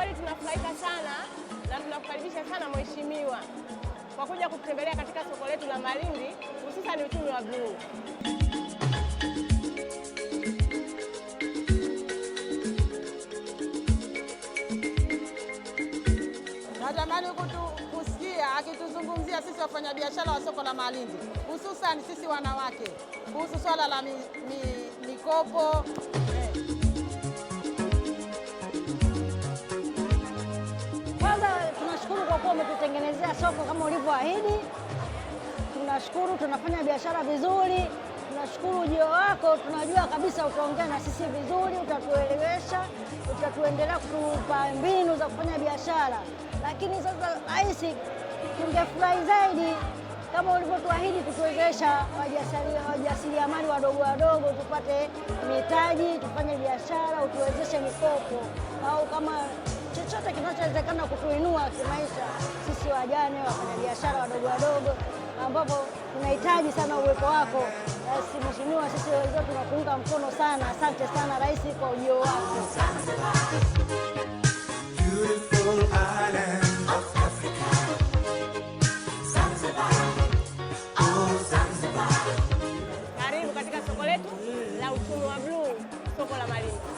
kweli tunafurahika sana na tunakukaribisha sana mheshimiwa, kwa kuja kutembelea katika soko letu la Malindi, hususani uchumi wa bluu. Natamani kusikia akituzungumzia sisi wafanyabiashara wa soko la Malindi, hususani sisi wanawake, kuhusu swala la mikopo mi, umetutengenezea soko kama ulivyoahidi. Tunashukuru, tunafanya biashara vizuri. Tunashukuru ujio wako, tunajua kabisa utaongea na sisi vizuri, utatuelewesha, utatuendelea kutupa mbinu za kufanya biashara. Lakini sasa rais, tungefurahi zaidi kama ulivyotuahidi kutuwezesha wajasiriamali wadogo wadogo, tupate mitaji, tufanye biashara, utuwezeshe mikopo au kama chochote kinachowezekana kutu kimaisha sisi wajane, wafanyabiashara wadogo wadogo, ambapo tunahitaji sana uwepo wako. Basi mheshimiwa, sisi wenzetu tunakuunga mkono sana. Asante sana rais kwa ujio wako. Oh, Karibu katika soko letu la uchumi wa bluu, soko la Malindi.